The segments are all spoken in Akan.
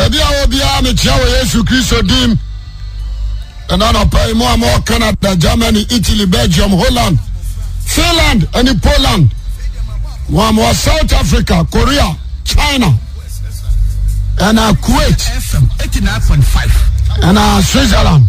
aaia ekayesu krisodim ɛnɛcanada gerany italy belgium hoand finland anpoland south africa korea china aatwitzelandn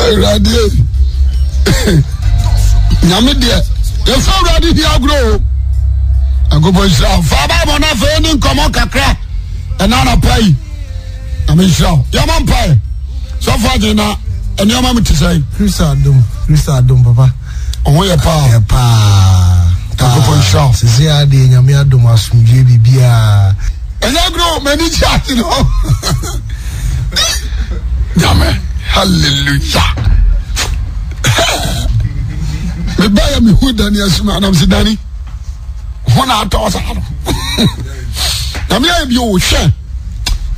awurade nyame deɛ yɛsɛ awurade hi agorɔ o agobɔ nhyira fa baabɔ no afei ne nkɔmmɔ kakra ɛna anapa yi nyame nhyira wo yɛma mpae sɔfo agye na ɛnneɛma mu te sɛe kristo adom kristo adom papa ɔho yɛ paa yɛ paa agobɔ nhyira wo sesɛ adeɛ nyame adom asomdwe biribiaa ɛnyɛ agorɔ m'ani gye ase no nyame hallelujah Me meba me mehu dani asuma anam sɛ dani ho na atɔ saa no nyame ayɛ bio hwɛ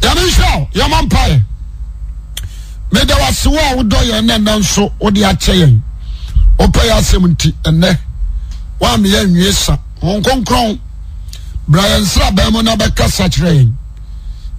yɛne nhwɛ o yɛma mpaeɛ meda wase wo a wodɔ yɛn nɛ nɛ nso wode akyɛ yɛn wopɛ yɛ asɛm nti ɛnɛ woameyɛ nwie sa honkonkron bra yɛn sra bɛn mu na bɛkasa kyerɛ yɛn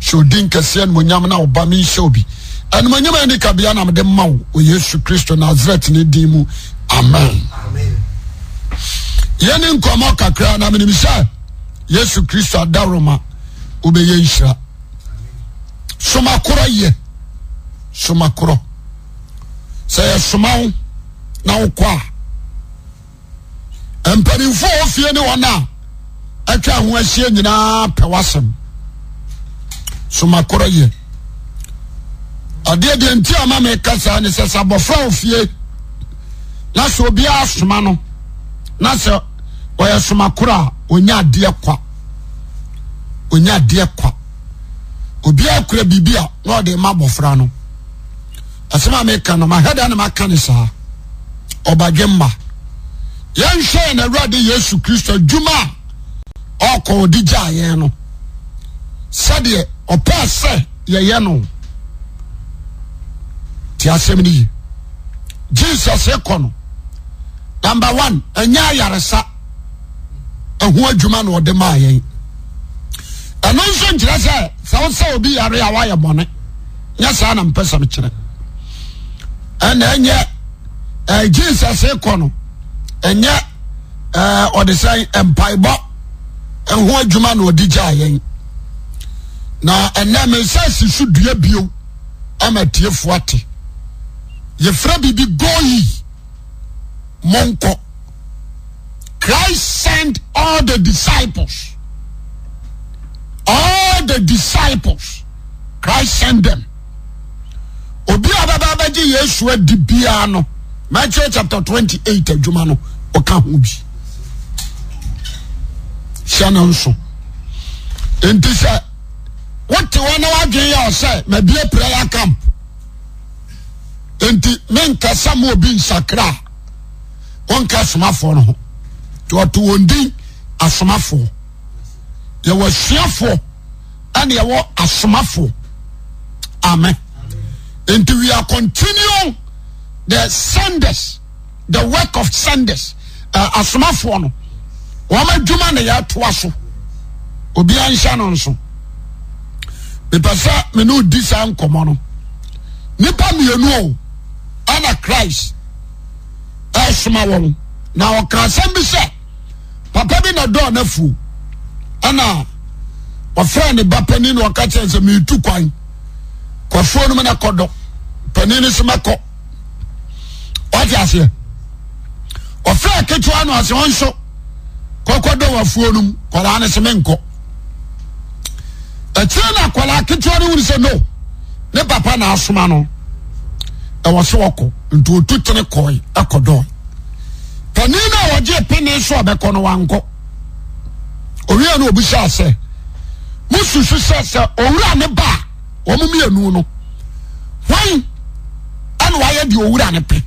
ɛikɛseɛ annyam n woba men o bi anyam nikabianamde mao yesu kristo nasaret ne dn mu amen yɛni nkm kakra namensɛ yesu kristo adawroma wobɛyɛ hyira somakorɔ ɛ soaoɔ sɛ yɛsoma wo na wokɔ a mpafo ɔfie n ɔn twa ho ahyi nyinaa pɛ wasɛm somakorɔ yɛ adeɛ deɛ nti a ma meka saa ne sɛ sɛ abɔfra ofie na sɛ obiara soma no na sɛ ɔyɛ somakorɔ a ɔnya adeɛ kwa ɔnya adeɛ kwa obiara kura biribi a na ɔde ma abɔfra no asɛm a meka no mahɛda ne maka ne saa ɔbadwe mma yɛnhwɛ na awurade yesu kristo dwuma a ɔkɔ ɔde gyaeɛ no sɛdeɛ ɔpɛɛ sɛ yɛyɛ no ti asɛm no yi jesus kɔ no namba on ɛnyɛ ayaresa ɛho adwuma no ɔde maayɛn ɛno nso nkyerɛ sɛ sɛ wo sɛ obi yare aawaayɛ bɔne nyɛ saa na mpɛsɛm kyerɛ ɛna yɛ jesus ekɔ no ɛnyɛ ɔdesɛn mpaibɔ ho adwuma no ɔde gyayɛn na ɛnɛ mensa si so dua bio ama tiefoɔ ate yɛfrɛ biribi goyi monkɔ christ sent all the disciples all the disciples christ sent them obi a bɛba bɛgye yesu adi biara no matthew chapter twenty eight adwuma no ɔka ho bi hyɛ no nso nti sɛ wote hɔ na woadwene yɛ ɔ sɛ mabie prayer camp enti menkasa ma obi nsakra a wɔnka asomafoɔ no ho nti ɔto wɔn din asomafoɔ yɛwɔ asuafoɔ ɛne yɛwɔ asomafoɔ amen enti we are continuing the senders the work of senders uh, eh, asomafoɔ no wɔn adwuma na yɛatoa so obiara nhyɛ no nso epɛ sɛ mene odi saa nkɔmmɔ no nipa mienu o ana christ asoma wɔ na ɔka asɛm bi sɛ papa bi na dɔɔ n' afuo ana ɔfrɛ ne ba pani no ɔka kerɛ sɛ mirto kwan kwafuo nom na kɔdɔ pani no so mɛkɔ iadafu n a ne senkɔ akyirɛ no akwaraa ketewa no wuru sɛ no ne papa na asoma no ɛwɔ sɛ wɔkɔ nti otu tene kɔe ɛkɔ dɔe pani no a wɔgye pene so a bɛkɔ no wankɔ owia no obisaa sɛ mosusu sɛ sɛ owura ne ba a wɔn mmienu no wɔn ɛna wɔayɛ deɛ owura ne pɛ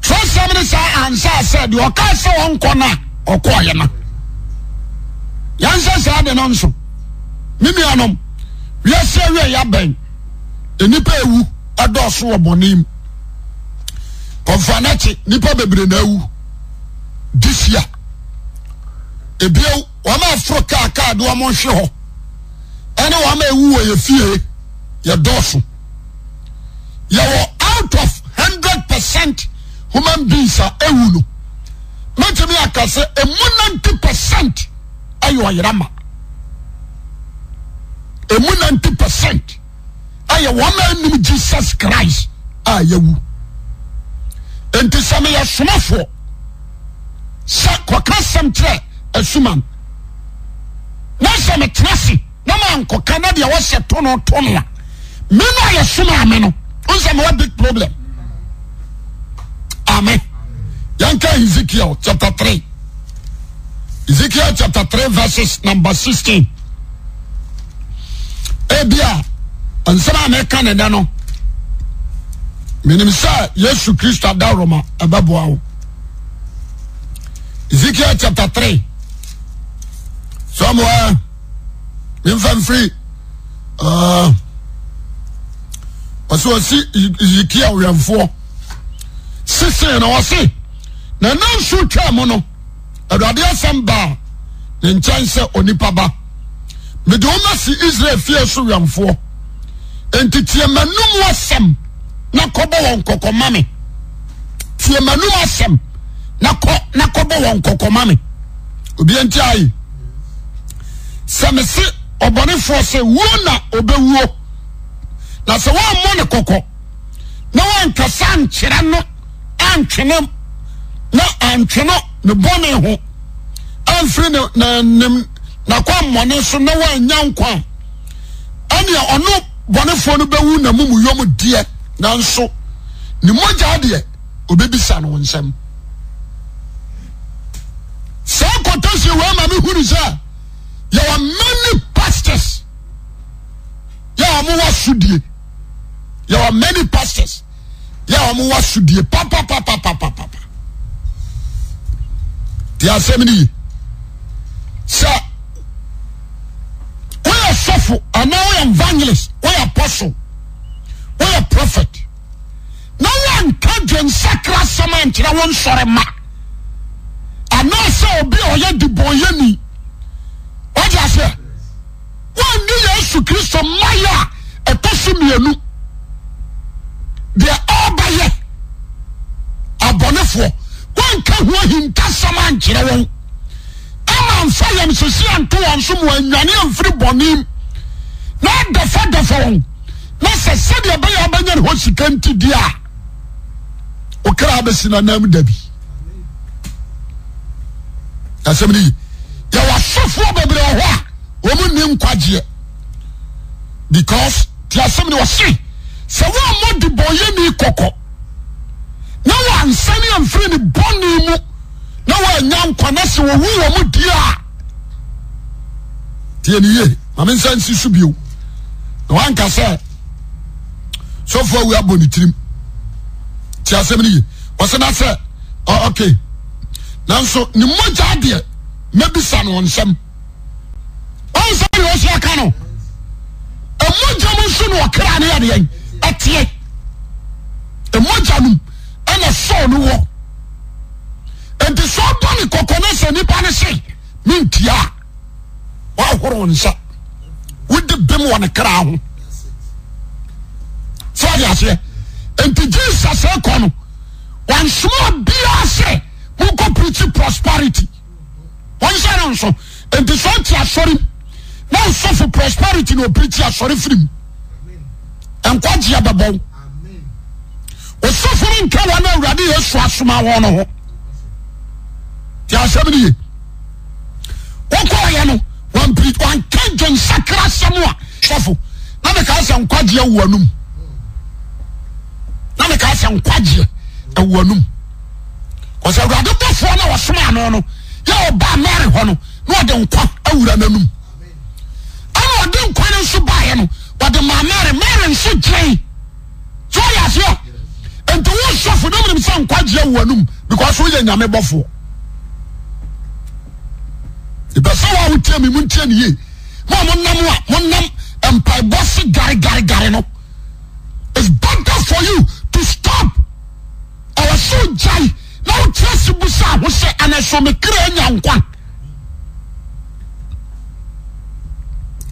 twerɛsɛm ne saa ansa sɛ deɛ ɔka sɛ wɔnkɔ no a ɔkɔɔyɛ no yɛnsɛ saa de no nso menuanom wiase wea yɛ abɛn nnipa ɛwu dɔɔso wɔ bɔnem ɔmfra no kye nnipa bebre na awu disia ebio wɔma ɛforo karkar de wamo nhwe hɔ ɛne woma ɛwu wɔ yɛfie yɛdɔɔso yɛwɔ out of hundred percent human beans a awu no matimi yɛaka sɛ ɛmu nnet percent ɛyɛ ɔyerama pnayɛɔnanim jesus khris ayɛwu nti sɛ meyɛ somafoɔ sɛ kɔka sɛm kyerɛ asuma n nansɛ metena se na maa nkɔka na dea wɔsɛ to no to no a menu ayɛ somaame no sɛ mowa big problem ame yɛnka ezekiel chap3 ezekiel cha3 vs nmb6 bia nsɛm a meka ne nɛ no menim sɛ yesu kristo ada wrɔma ɛbɛboa wo ezekiel chapta te smo memfamfiri ɔ sɛ ɔsi esikia wɛmfoɔ sesee na ɔse naɛna nso twaɛ mu no aduadeɛ asɛm ba a ne nkyɛn sɛ onipa ba mede ɔna se israel fie so wamfoɔ enti tiamanom ɔ sɛm na ɔb kɔɔmame tiamanomasɛm na kɔbɔ wɔn kɔkɔma me obini ai sɛ me se ɔbɔnefoɔ sɛ wuo na ɔbɛwuo na sɛ wɔmmo ne kɔkɔ na wɔntwasankyerɛ no antweno na antweno ne bone ho amfiri n nakwa mmɔne so na woanya nko a ɛneɛ ɔno bɔnefoɔ no bɛwu na momuyom deɛ nanso ne mogyaw deɛ obɛbisa no o nsɛm saa kta se wɔ ma mehunu sɛ a yɛwɔ many pastors yɛwmosode yɛwɔmany pastors yɛ w mowosodie pan i sɔfo anaa woyɛ evangelist woyɛ apostle a prophet na woanka dwensakra asɛm ankyerɛ wo nsɔre ma anaa sɛ obi a ɔyɛ dibɔnyɛni wagye aseɛ woanni yesu kristo mmayɛ a ɛtɔ so mmienu deɛ ɔbayɛ abɔnefoɔ woanka ho ahintasɛm ankyerɛ wɔn ama mfa yɛn sɛsi anto wɔn so mu free amfiri him. na dɔfɔdɔfɔ wɔn na sɛ sɛdeɛ ɔbɛyɛ ɔbɛnya ne hɔ sika nti di a okra abɛsi nanam dabi asɛm ni yɛwɔ asɔfoɔ bebree wɔ hɔ a wɔn ni nkwagyeɛ because ti asɛm ni wɔsi sɛ wɔn a wɔde bɔnyɛ ni kɔkɔ na wɔn ansani amfiri ni bɔnni mu na wɔn anya nkwa na sɛ wɔn wu wɔn di a tie ni yie maame nsa nsi so bio. wanka sɛ sofoɔ wuabɔ ne tirim tiasɛm no ye wɔsena sɛ k nanso ne mmogya adeɛ mabisa no ɔ nsyɛm ɔnsa neɛɔsu aka no amogyam nso no wɔkra ne yɛneɛn ɛteɛ mmogya nom ɛna sɔɔ no wɔ enti sɛ odɔne kɔkɔ ne sɛ nnipa no hye mentiaa wahoroonhya wode be m wɔnekra ho sɛeɛ nti jesus kɔ no wansoma biar sɛ monkɔ preki prosperity ɔɛronso nti so te asɔrem na nsofo prosperity na ɔpreki asɔre firim nkaagyea bɛbɔn wɔsoforo nkɛ wa ne awurade yaasuasoma hɔno hɔɛn e nka gan sakra sɛma sofo naaso kfn sɛ woa wotie me montie ne ye ma monam a monam mpaebɔ se garegaregare no it's better for you to stop ɛwɔ sɛ wogyae na wokyerɛ se bu sɛ wo sɛ anasomekra anya nkwa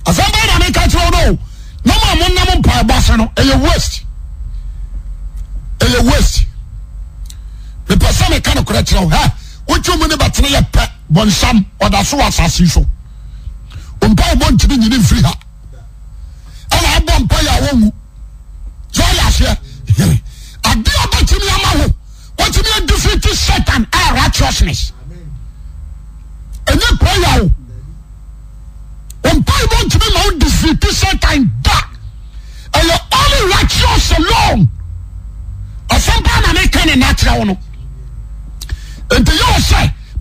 asɛm bɛɛ na meka kyerɛ wo no na ma monam mpaebɔ se no ɛyɛ waste ɛyɛ waste mepɛ sɛ meka no korɛ kyerɛ wo ha wotwi mu ne bɛtene yɛ pɛ bsam dasowosase so opa womonkyimi yene mfiri ha ɛnbmpa yawo wu soysɛ ade akimi amaho wakimiadfet satan arightousness ɛyepayao opɛomokyimi mawo dfit satan a ɛyɛ ol rightous alon asompa namekene ntraw no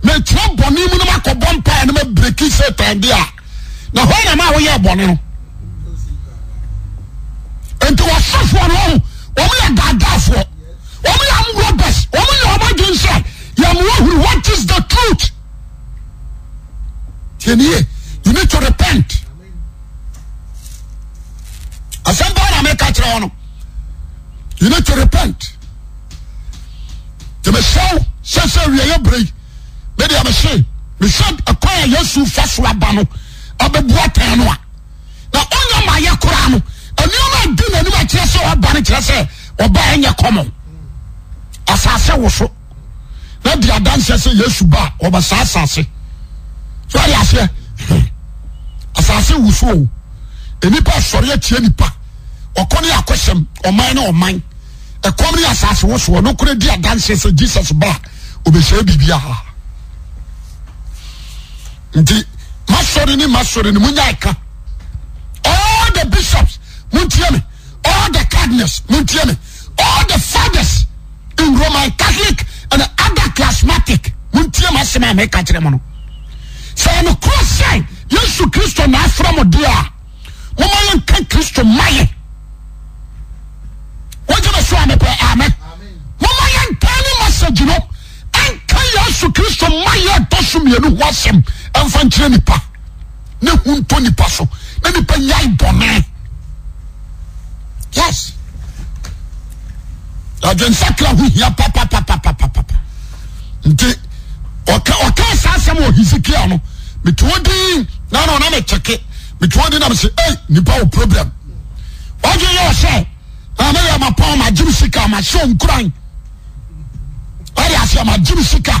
irabnemunpaiseawoyɛ ne nsf yaaa es anse ymo whatis the truth oune orepentsɛs bed mese mesɛ kw a yasu fa soaba no aa a oaayaayɛ kra o noinnkyeɛ ɛ a erɛ ɛ yɛ k sase wo so addans sɛ ysu ba saesdidas sɛ ess ba bɛsa bibi nti masɔre ne masɔre ne munya ɛka all the bishops muntie me all the cardinals muntie me all the fathers in roman catholic and other charismatic muntie me. asɛm a meka kyerɛ mu no sɛ nokorɔ sɛ yesu kristo na afrɛ mo deɛ a moma yɛnka kristo mayɛ wogye me so a mepɛ amen moma yɛntaa ne masagi no ɛnka yesu kristo mayɛ ɛtɔ so mmienu ho asɛm nkyerɛ nipa ne huto nipa so na nipa ya bɔn nsakra h eahkale aɛaika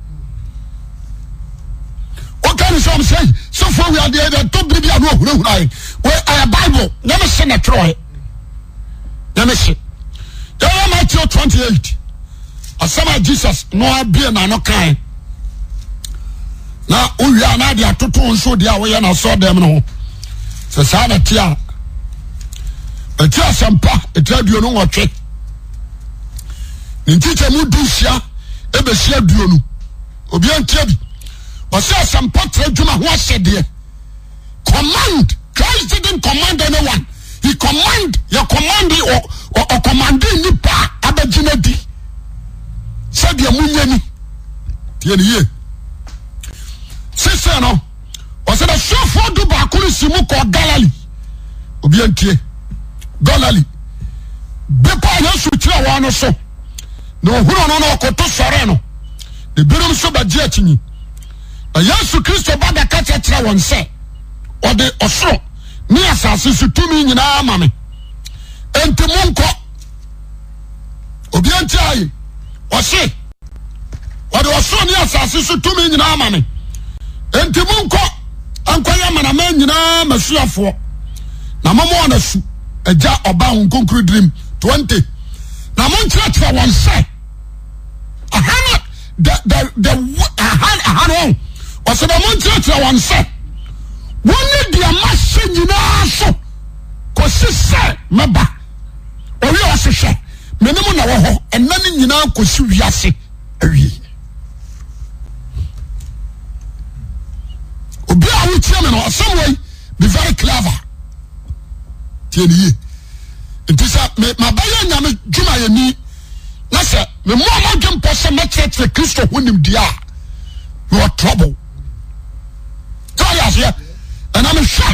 tell me some so far we are the no we bible never send a troy never see there Jesus no na no na na atoto nso dit, a woyɛ na sɔ no ɔsɛɛsɛmpɔtra dwuma ho asɛ deɛ command crist idin command anyane e commandɛkomande nipa baginadɛfoɔ d baakono si mu kɔɔ galaliyaskyira nn oaei nyesu kristo bada ka kyɛkyerɛ wɔn sɛ ɔde ɔsoro ne ɛ asase so tumi nyinaa mame nioe ɔdeɔsor neɛ sase so tumi nyinaamannɛmaamaina deam 2n0 na monkyerɛkyerɛ wɔn sɛ ahano sɛdɛmɔtiɛirɛ wn sɛ wɔne deamahɛ nyinaa so kosi sɛ mɛba ɔwi ɔsehwɛ mane m nawɔ hɔ ɛna ne nyinaa ks sei b vr cvnɛmabayɛ nyame dwumayni na sɛ memɔamadwempɔ sɛ mɛkyerɛkyerɛ krisohɔn ɛna mehwɛ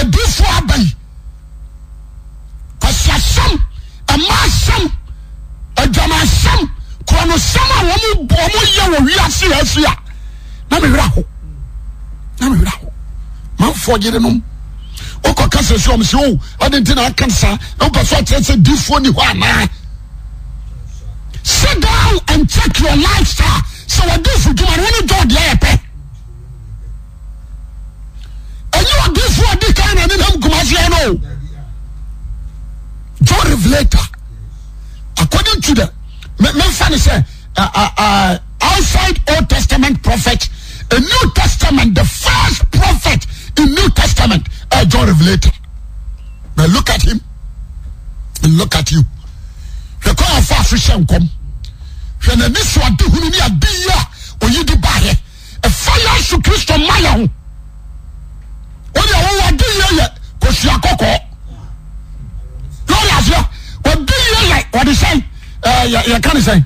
adifoɔ aba yi kɔsiasɛm ɛma asɛm adwamasɛm korɔnosɛm a wɔn yɛ wɔ wiase yɛ so a na mewerɛ ho na mewerɛ ho manfoɔ yere nom wokɔ kasa sɛ ɔm sɛ o ade nti na aka saa na wopɛ sɛ ɔkyerɛ sɛ difoɔ ni hɔ anaa sit down and check your lifestyle sɛ wɔde fo dwuma no wone dɔɔ deɛ yɛ pɛ ɛnyɛ ɔdinfo ɔdi kan na nenam kumasiɛ no John Revelator according to the mɛmfa ne sɛ outside Old Testament prophet a New Testament the first prophet in New Testament uh, John Revelator now look at him and look at you hwɛ kɔn afa afihyɛ nkɔm hwɛ n'ani so adihunu ni adi yi a oyi di ba yɛ ɛfa yasu Kristo mayɛ ho. de 需我 de 我你 s 也你 s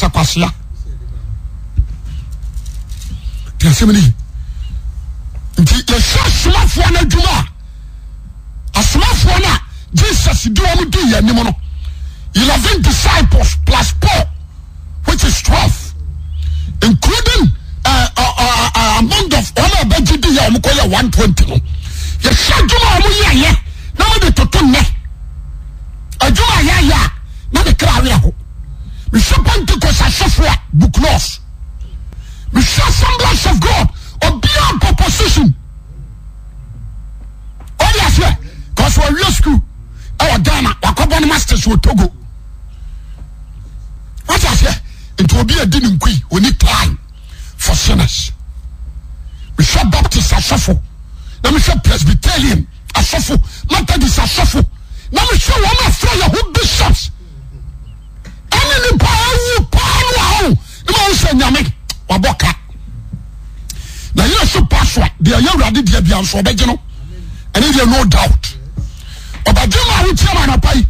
sɛ kwasea nti asɛm nti yɛhwɛ asomafoɔ no adwuma a asomafoɔ no a jesus di wɔn di yɛn anim no eleven disciples plus four which is twelve including uh, uh, uh, uh, uh amount of wɔn a bɛgye di yɛ wɔn kɔ yɛ one twenty no yɛhwɛ adwuma a wɔn yɛ yɛ na wɔn de toto nɛ. loss. Mr. Assemblage of God, on be our proposition. Only as well, Because we're real Our Ghana, our company masters will Togo. What's that, sir? It will be a dinner nso ɔbɛgye no ɛne deɛ no doubt ɔbɛgye will a wotia no anapa yi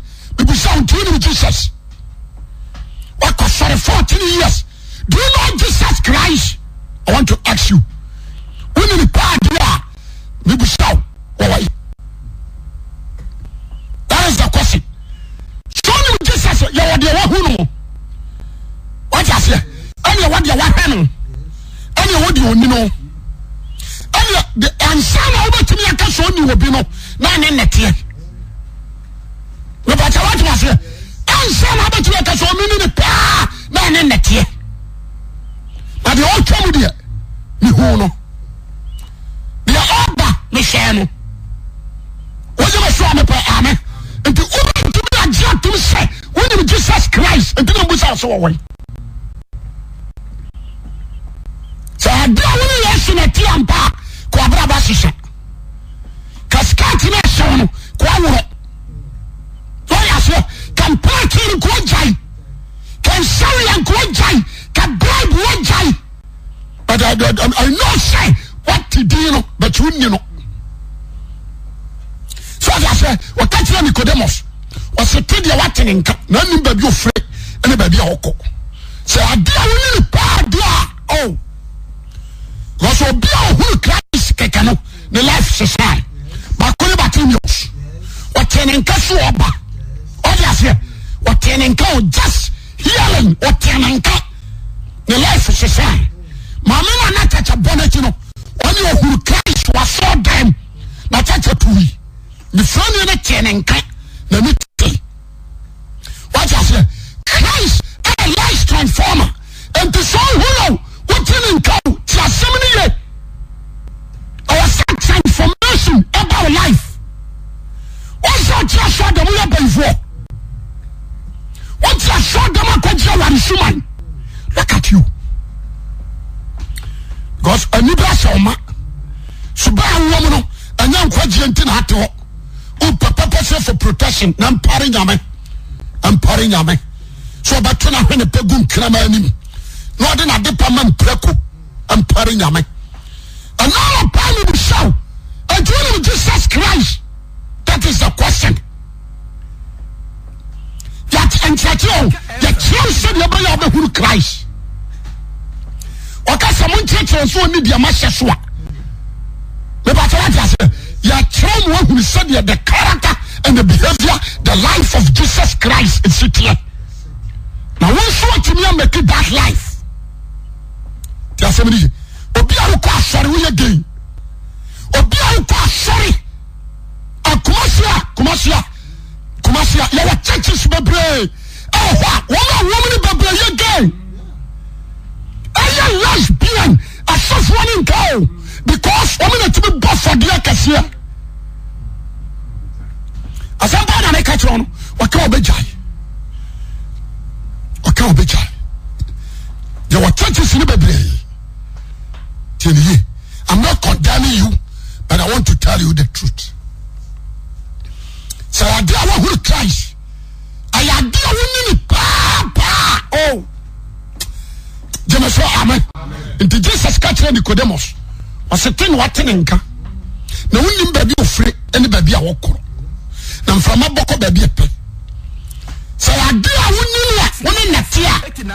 ne nɛteɛ na deɛ ɔtwa mu deɛ mehu no deɛ ɔba mehwɛɛ no wogye me soa mepɛ ame nti wobɛntumi agye atom sɛ wonim jesus christ nti ne mbusa wo so wɔwɔe in sɛ watedi n bakiye n ɛɛ ɛɔaɛajtana ne lissa mamwanataca buon keno anehuru christ waso dem nacaca turi esaniene tene nka nam wajs crist alie transforme antso hulo wetin nkao tiaseminiye sa transformation about life astiasudem ye bao atiasudem akoi warsman pcon a mpar yame mpar yame o eto n eno a u krani aeneaeus riay the behavior the life of jesus christ isite wsatmi maki bat life oas o aser anma churches bbr mn br yeg eye us bn asn ecause meetmi b na no bebree tiɛ ne I'm not condemning you but I want to tell you the truth sɛ ade a wahuru Christ ɛyɛ ade a wonni ne paapaa o oh! gyeme amen nti Jesus ka kyerɛ Nicodemus ɔse te ne wate ne nka na wonnim baabi ofire ne baabi a wɔkorɔ frama boko bebi pe s da wonin onnetaesarnrr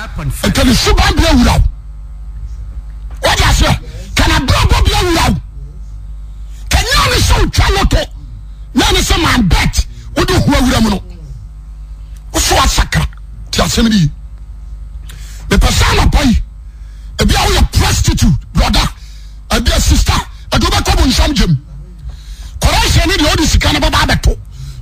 eansota eyprstit siste kssa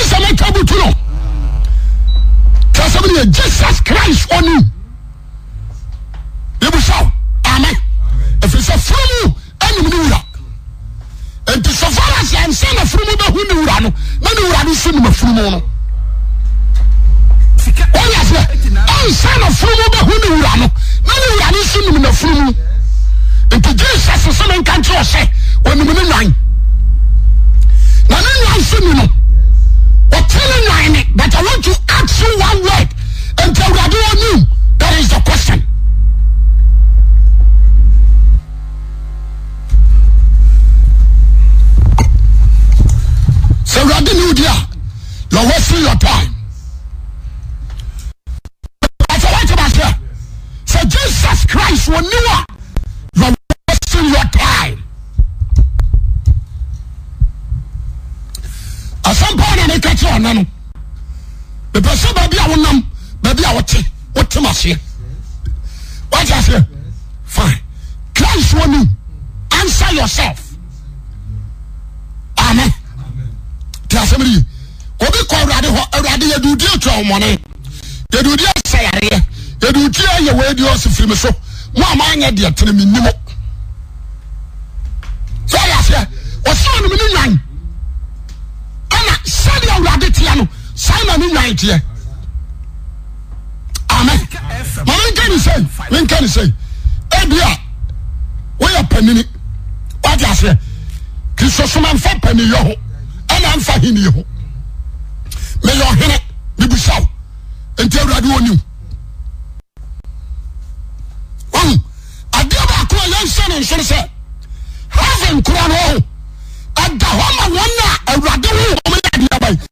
sɛm twabotu no tɛsɛ bin jesus christ ɔne ysa amnfɛfanwronmnfum nti jesus some nka kyɔsɛ wɔ nim mo nan But I want to ask you one word. And the radio That is the question. So radio knew there. Your mepɛ sɛ baabi a wonam baabi a wote wotem aseɛ wate aseɛ fine christ wɔ nim answer yourself amen te asɛm yi obi kɔ awurade hɔ awurade yɛduudi atua wɔmɔne yɛduudi asɛ yareɛ yɛduudi ayɛ wɔadi ɔse firi me so mo a maanyɛ deɛ tene menni mo sɛ yɛ aseɛ ɔsɛ ɔnom ne ɛna sɛdeɛ awurade teɛ no sanna e e e no wateɛ manni sɛi ebia woyɛ panini wadeaseɛ krisosoma mfa paniyɔ hɔ ɛnamfa heni hɔ meyɔ hene nebusa enti awuradeɔni adeɛbak yɛsene nhwere sɛ hevin nkorɔnho ada hɔma wɔna awurade hhyɛa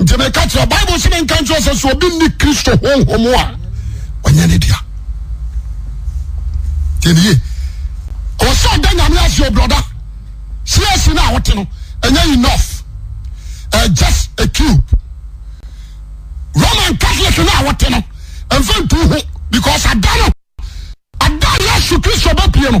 ntma ɛbiblesɛmenka tsɛ sɛ ɔbɛnne kristo homhom aɔsɛda asda sasi no awot no ɛyɛ enh ajus acube roman kasɛk no awote no ɛmfa nto ho because dayɛaso kristo bapie no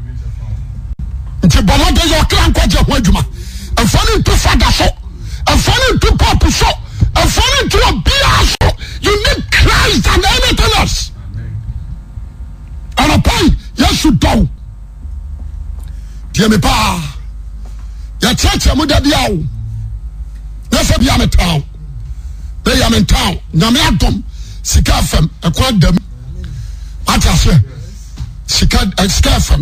e dmpayetetemdai sebamet yet a do sikafem safe om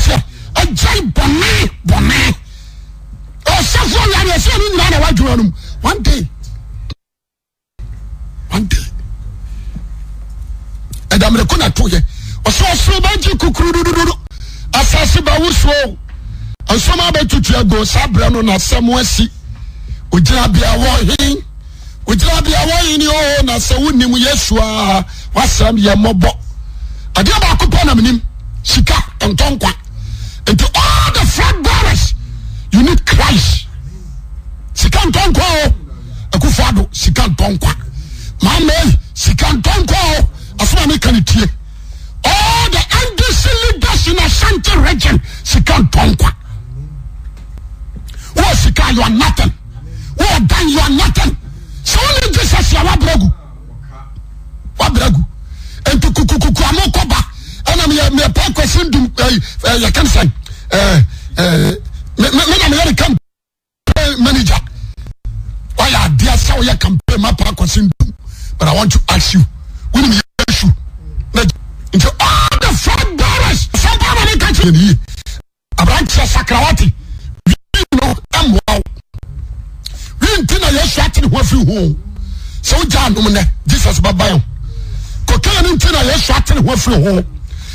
sɛ aye bone ɛs bagye kukru ou asase bawo s soma batutu ago sɛ brɛ no nasɛmo asi ogyina bawiaanasɛ won s siknna akufdu sik nkwa mame sikantka asmankantie ll themss iasnt sina esikyeyn ɛna meyɛpa kɔsi dum yɛkam sɛn mena meyɛde campaign manager wayɛ adeɛ sɛ woyɛ campaign eh, mapa kɔsi dum but i want to ask you wonim yɛ su nti all oh, the five barrels sɛmpa ma ne ka kyerɛ yie aberanteɛ sakrawati. wii no ɛmmoa wo wii nti na yɛsu atene ho afiri ho sɛ wogya anom nɛ jesus bɛbaɛ wo kɔkaa no nti na yɛsu atene ho afiri ho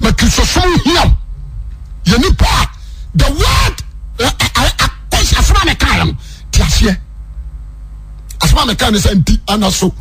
makisosom hia yenipoa the wod uh, uh, uh, um, o fro meka skasnnioasaho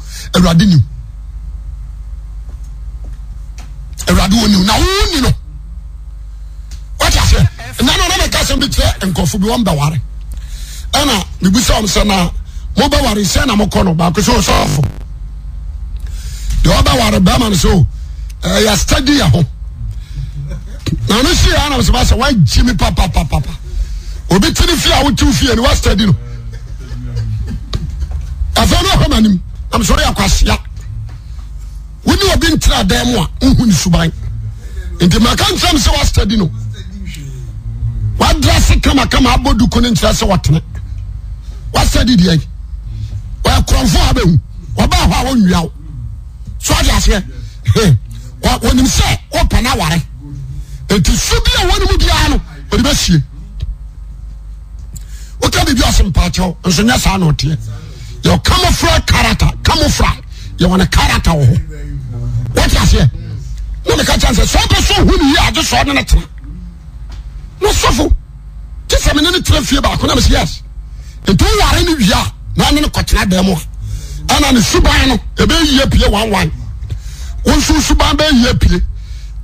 na ɔno si yɛ anam sɛ basɛ wagye papapapapa obi tiri fie a wotiw fie ni wastadi no afei no ɔhɔ m'anim am sɔre akwasia wone obi ntena dan mu a nhu ne nti maka nkyerɛm sɛ wastadi no wadra se kamakama abɔ duku no nkyerɛ sɛ wɔtene wastadi deɛ wɔyɛ korɔmfo a bɛhu wɔbaa hɔ a wɔnnwia wo so ade aseɛ wɔnim sɛ wopɛ no aware ti sobi wanemu bia no deesie sempate oea a o era oso su ban byi pie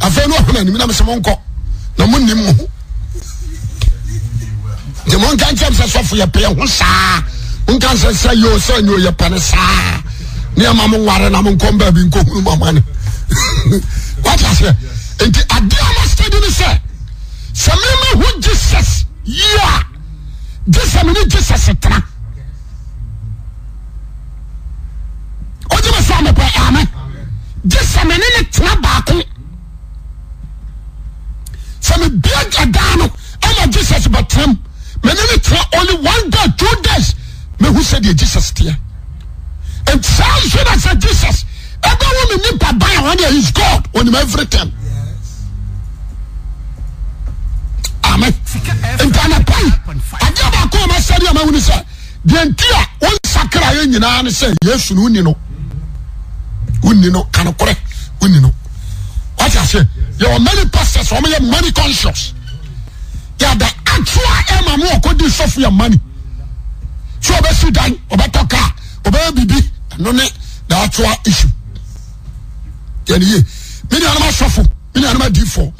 afe ne hema anim na mese monko na monimoo moka temese sofo yposassosoypnsaa emamoware nmonkmbakuaeni a stedms smeme ho jesus oa yese mene jises tena mesesemeea sɛ mebia adaa no ɛma jesus bɛtram mene ne tera only one day two days mehu sɛdeɛ jesus teɛ nti saa nso na sɛ jesus ɛbɛwo me nipa ban a wɔne is god onim everything amen nti anapai adeɛ baako a masɛdeɛ ma wone sɛ deɛ nti a wɔnsakra yɛ nyinaa ne sɛ yesu no wonni no wonni no kanokorɛ wonni no wati ase yɛwɔ many pastors wɔn yɛ money conscious actual atua who mu ɔkɔ di sɔfo your money tí ɔbɛ si dan ɔbɛ tɔ kaa ɔbɛ yɛ bibi ɛno ne na atua issue yɛn yie mi ni anam asɔfo mi ni anam adiifo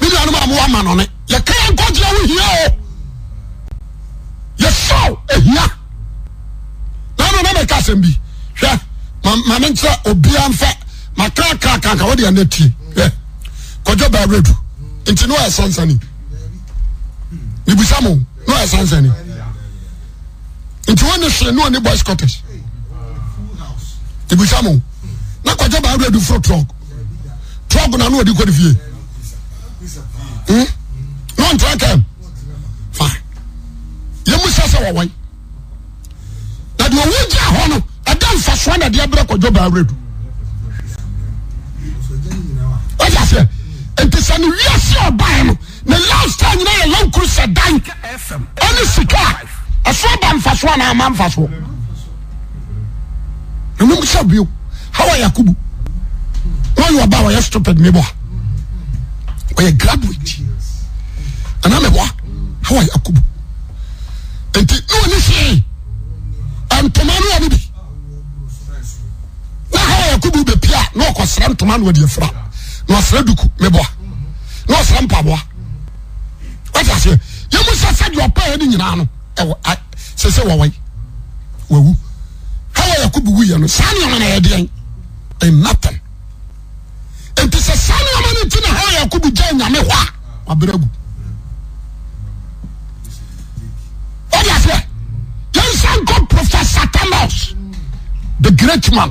mi ni anam amu ama nɔne yɛ kɛyɛ nkɔgyina wo hia o yɛ sɔw ehia n'anu ne bɛ ka asɛm bi hwɛ maame nkyɛn obiara nfɛ ma kakra kankan o de ɛna tie kɔjɔ baabre du nti n'o yɛ sansani nibusamu n'o yɛ sansani nti wɔn ni se n'o ni boys quarters nibusamu na kɔjɔ baabre du furu trɔk trɔk na n'o di kɔdi fie hmm n'o n tɛ kɛm fine yɛ musa sɛ wɔwɔ yi na deɛ owu gye ahɔ no ɛda nfa soɔ na deɛ abirɛ kɔjɔ baabre du ɔjà nti sɛ ne wiase ɔbae no time lifestyle nyina yɛ lankuru sɛ dan ɛne sika a ɛso aba mfasoɔ anaa ama mfasoɔ nanom sɛ bio hawa yakubu wɔyɛ ɔba wɔyɛ stupid meboa wɔyɛ graduate anaa meboa hawa yakubu nti ne wɔne hwee ntoma no wɔne bi na hawa yakubu bɛpia na ɔkɔsrɛ ntoma no wɔde afira ɛym ɛsadpane yina nosɛsɛ wi w hayakob wu no sanemanayɛdeɛ anotin ntsɛ sa nema no nti na hayakob gya nyamehɔaɛɛn proesotamas the greatman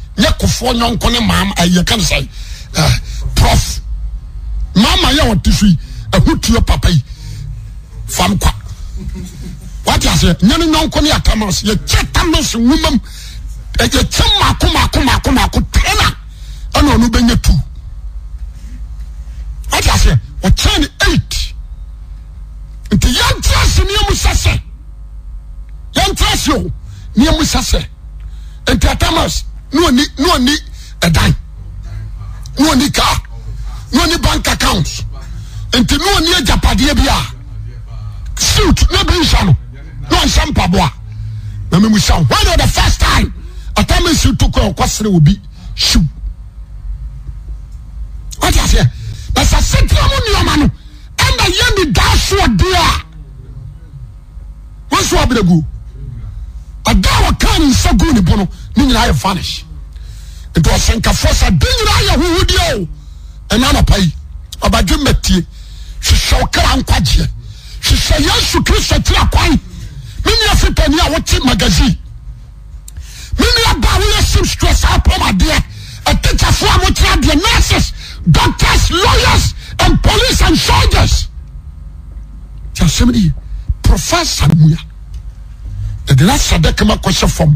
yɛ kfoɔ ynk n kn s r mama yɛwɔts hot papayi fam sɛ yane yɔnk ne atms yɛɛ ms wykyɛ ma na nnbɛnya t asɛ ɔkyɛne e nti yaerɛs nem sɛɛrs nem sɛsɛ nti atams ani adan neani ka ne ani bank account nti ne ani ayapadeɛ bi a nea no nsɛpaame the fist tim atamestoaɔserɛbi sɛseramu nema no anda yeni daa so deɛa masowabrag ada wɔkani nsa goni bono ne nyinaa yɛ vanish nti ɔsɛnkafoɔ sɛ de nyinaa yɛ huhudeɛ o ɛna anapa yi ɔbadwe mmatie hyehyɛ ɔkra nkwagyeɛ hyehyɛ yesu kristo tiri akwan menua fitani a wote magazine menua ba a woyɛ simstress apɔm adeɛ ɛtekyafoɔ a mokyerɛ adeɛ nurses doctors lawyers and police and soldiers kyɛ asɛm ne professor mua ɛde na sadɛ kama fam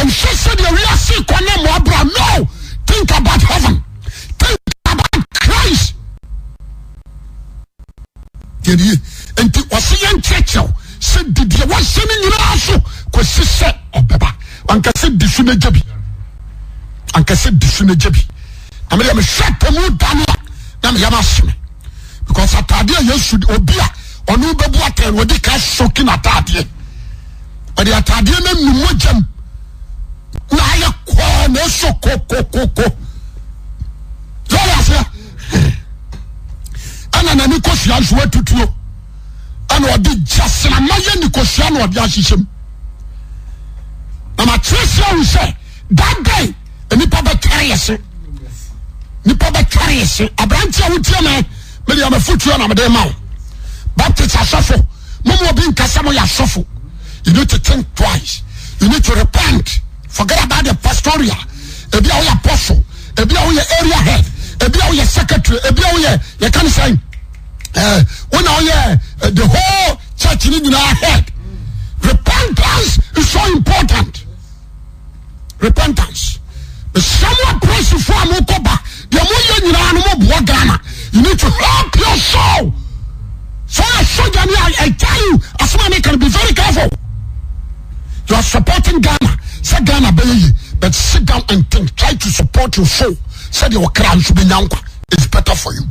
ɛɛ se konern tk ots sykerɛkyɛ sɛ did wsɛno yiso kasisɛ ɛɛ nnnkosaso nde asnamaenkosa se amatresi se tat da es sff forget about the pastoral ebi a woyɛ apostle ebi a woyɛ area head ebi a woyɛ secretary ebi a woyɛ yɛ kan sɛn ɛɛ wɔn na woyɛ the whole church ni nyinaa head repentance is so important repentance samuel praise fún àwọn ọkọ ba deɛ mo yɛ nyinaa no mo bɔ Ghana you need to help your soul so I show you I, I tell you asoma mi can be very careful you are supporting Ghana sɛ ghana bɛyɛ yi but sit down and think try to support your soul sɛdeɛ ɔkra nso bɛnya nkwa is better for you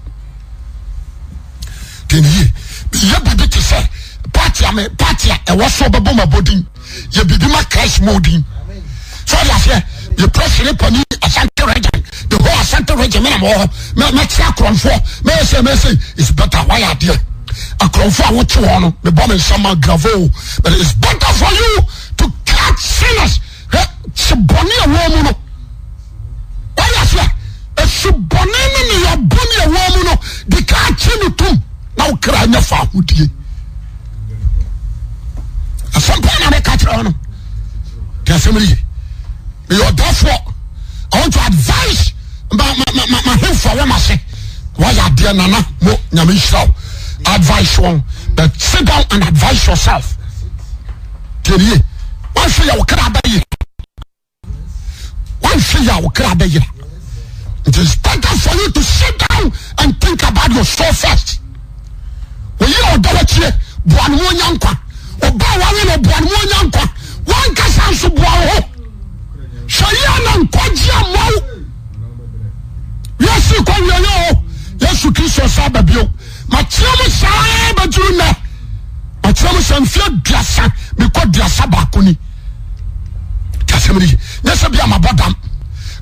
tɛniyie yɛ biribi te sɛ party a party a ɛwɔ so bɛbɔ ma bɔ din yɛ biribi ma christ ma odin so ɔde aseɛ yɛ president pani asante region the whole asante region mena mɔ hɔ mɛ mɛ kyerɛ akorɔmfoɔ mɛ ɛsɛ mɛ ɛsɛ is better wayɛ adeɛ akorɔmfoɔ a wɔte wɔn no mɛ bɔ mi nsɛm ma gravo but it's better for you to catch sinners. kyeboneawomu no ayasa sebone no neyabonawomu no dekakeno tm na wokra ya fadvma se na advus dvie rreter forou to sit on tink ot s aao o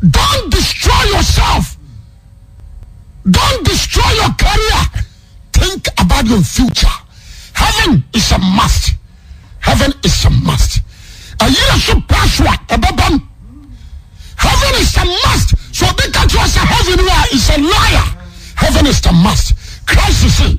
Don't destroy yourself. Don't destroy your career. Think about your future. Heaven is a must. Heaven is a must. A year should pass what? Heaven is a must. So they catch you as a heaven is a liar. Heaven is a must. Christ is it.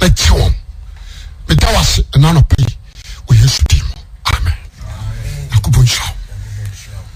na kyewon medawase nanɔpɛyi wɔyɛ sudi mu amen nakubonkyra